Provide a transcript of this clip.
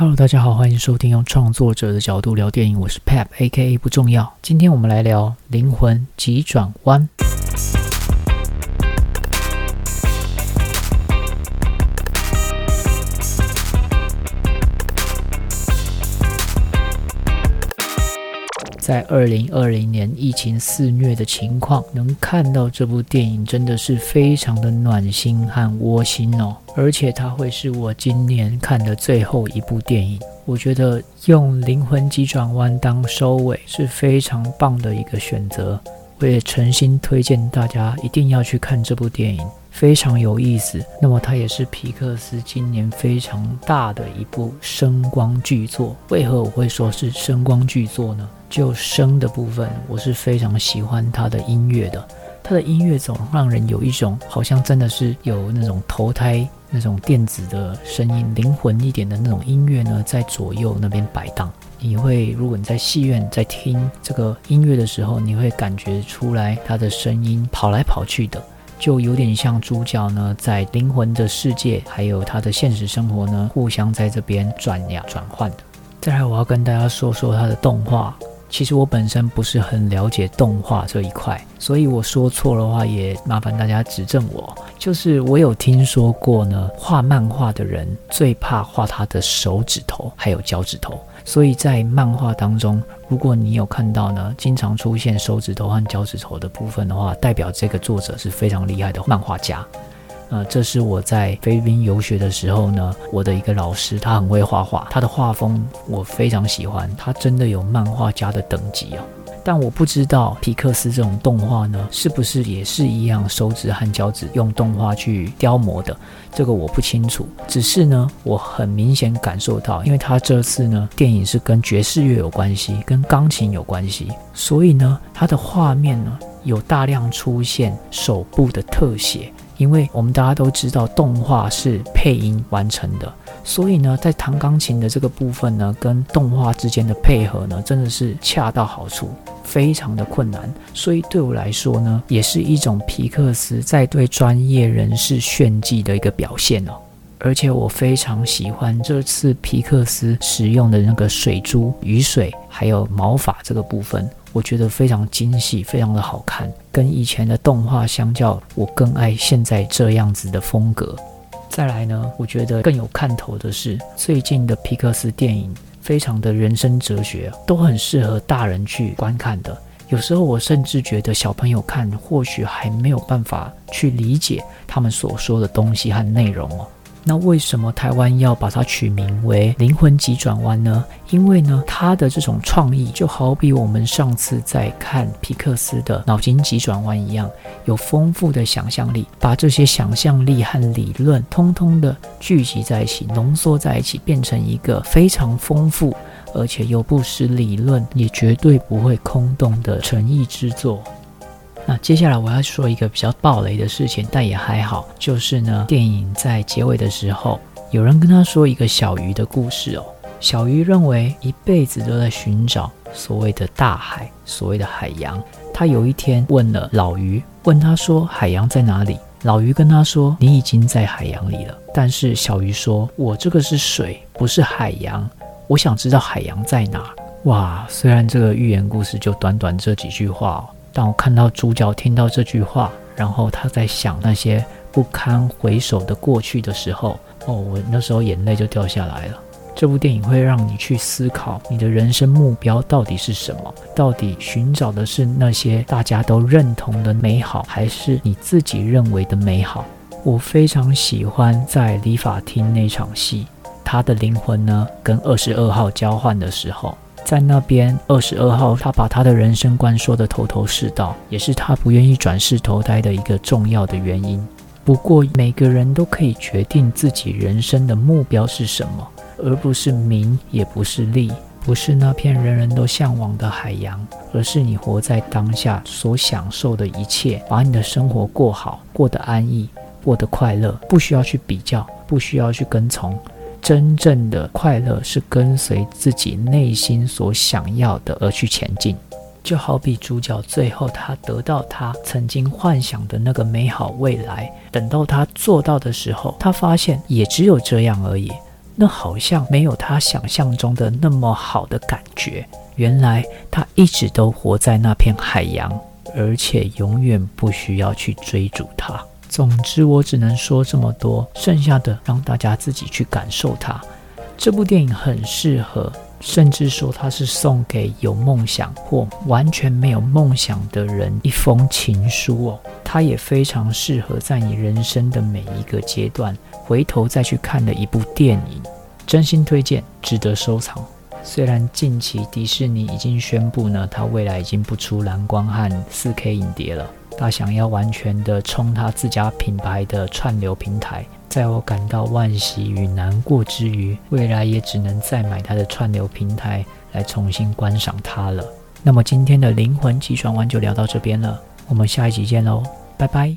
Hello，大家好，歡迎收聽用創作者的角度聊電影，我是 Pep，AKA 不重要。今天我們來聊《靈魂急轉彎》。在二零二零年疫情肆虐的情況，能看到這部電影真的是非常的暖心和窩心哦。而且它會是我今年看的最後一部電影，我覺得用靈魂急轉彎當收尾是非常棒的一個選擇。我也誠心推薦大家一定要去看這部電影。非常有意思。那麼，它也是皮克斯今年非常大的一部聲光劇作。為何我會說是聲光劇作呢？就聲的部分，我是非常喜歡它的音樂的。它的音樂總讓人有一種好像真的是有那種投胎那種電子的聲音，靈魂一點的那種音樂呢，在左右那邊擺盪。你會，如果你在戲院在聽這個音樂的時候，你會感覺出來它的聲音跑來跑去的。就有點像主角呢，在靈魂的世界，還有他的現實生活呢，互相在這邊轉呀轉換的。再來，我要跟大家說說他的動畫。其實我本身不是很了解動畫這一塊，所以我說錯的話，也麻煩大家指正我。就是我有聽說過呢，畫漫畫的人最怕畫他的手指頭，還有腳趾頭。所以在漫畫當中，如果你有看到呢，經常出現手指頭和腳趾頭的部分的話，代表這個作者是非常厲害的漫畫家。呃，這是我在菲律賓遊學的時候呢，我的一個老師，他很會畫畫，他的畫風我非常喜歡，他真的有漫畫家的等級哦。但我不知道皮克斯這種動畫呢，是不是也是一樣手指和腳趾用動畫去雕模的？這個我不清楚。只是呢，我很明顯感受到，因為他這次呢，電影是跟爵士樂有關係，跟鋼琴有關係，所以呢，它的畫面呢，有大量出現手部的特寫。因為我們大家都知道動畫是配音完成的，所以呢，在彈鋼琴的這個部分呢，跟動畫之間的配合呢，真的是恰到好處，非常的困難。所以對我來說呢，也是一種皮克斯在對專業人士炫技的一個表現哦。而且我非常喜歡這次皮克斯使用的那個水珠、雨水還有毛髮這個部分。我覺得非常精細，非常的好看，跟以前的動畫相較，我更愛現在這樣子的風格。再來呢，我覺得更有看頭的是最近的皮克斯電影，非常的人生哲學，都很適合大人去觀看的。有時候我甚至覺得小朋友看，或許還沒有辦法去理解他們所說的東西和內容哦。那為什麼台灣要把它取名為靈魂急轉彎呢？因為呢，它的這種創意就好比我們上次在看皮克斯的腦筋急轉彎一樣，有豐富的想象力，把這些想象力和理論通通的聚集在一起，濃縮在一起，變成一個非常豐富，而且又不失理論，也絕對不會空洞的誠意之作。那接下來我要說一個比較暴雷的事情，但也還好，就是呢，電影在結尾的時候，有人跟他說一個小魚的故事哦。小魚認為一輩子都在尋找所謂的大海，所謂的海洋。他有一天問了老魚，問他說海洋在哪裡？老魚跟他說你已經在海洋裡了。但是小魚說我這個是水，不是海洋。我想知道海洋在哪？哇，雖然這個寓言故事就短短這幾句話哦。當我看到主角聽到這句話，然後他在想那些不堪回首的過去的時候，哦，我那時候眼淚就掉下來了。這部電影會讓你去思考你的人生目標到底是什麼，到底尋找的是那些大家都認同的美好，還是你自己認為的美好？我非常喜歡在理髮廳那場戲，他的靈魂呢，跟二十二號交換的時候。在那邊，二十二號，他把他的人生觀說得頭頭是道，也是他不願意轉世投胎的一個重要的原因。不過，每個人都可以決定自己人生的目標是什麼，而不是名，也不是利，不是那片人人都向往的海洋，而是你活在當下所享受的一切，把你的生活過好，過得安逸，過得快樂，不需要去比較，不需要去跟從。真正的快樂是跟隨自己內心所想要的而去前進，就好比主角最後他得到他曾經幻想的那個美好未來，等到他做到的時候，他發現也只有這樣而已，那好像沒有他想象中的那麼好的感覺。原來他一直都活在那片海洋，而且永遠不需要去追逐它。總之，我只能說這麼多，剩下的讓大家自己去感受它。這部電影很適合，甚至說它是送給有夢想或完全沒有夢想的人一封情書哦。它也非常適合在你人生的每一個階段回頭再去看的一部電影，真心推薦，值得收藏。雖然近期迪士尼已經宣佈呢，它未來已經不出藍光和 4K 影碟了。他想要完全的衝他自家品牌的串流平台，在我感到惋惜與難過之餘，未來也只能再買他的串流平台來重新觀賞它了。那麼今天的靈魂急轉彎就聊到這邊了，我們下一集見嘍，拜拜。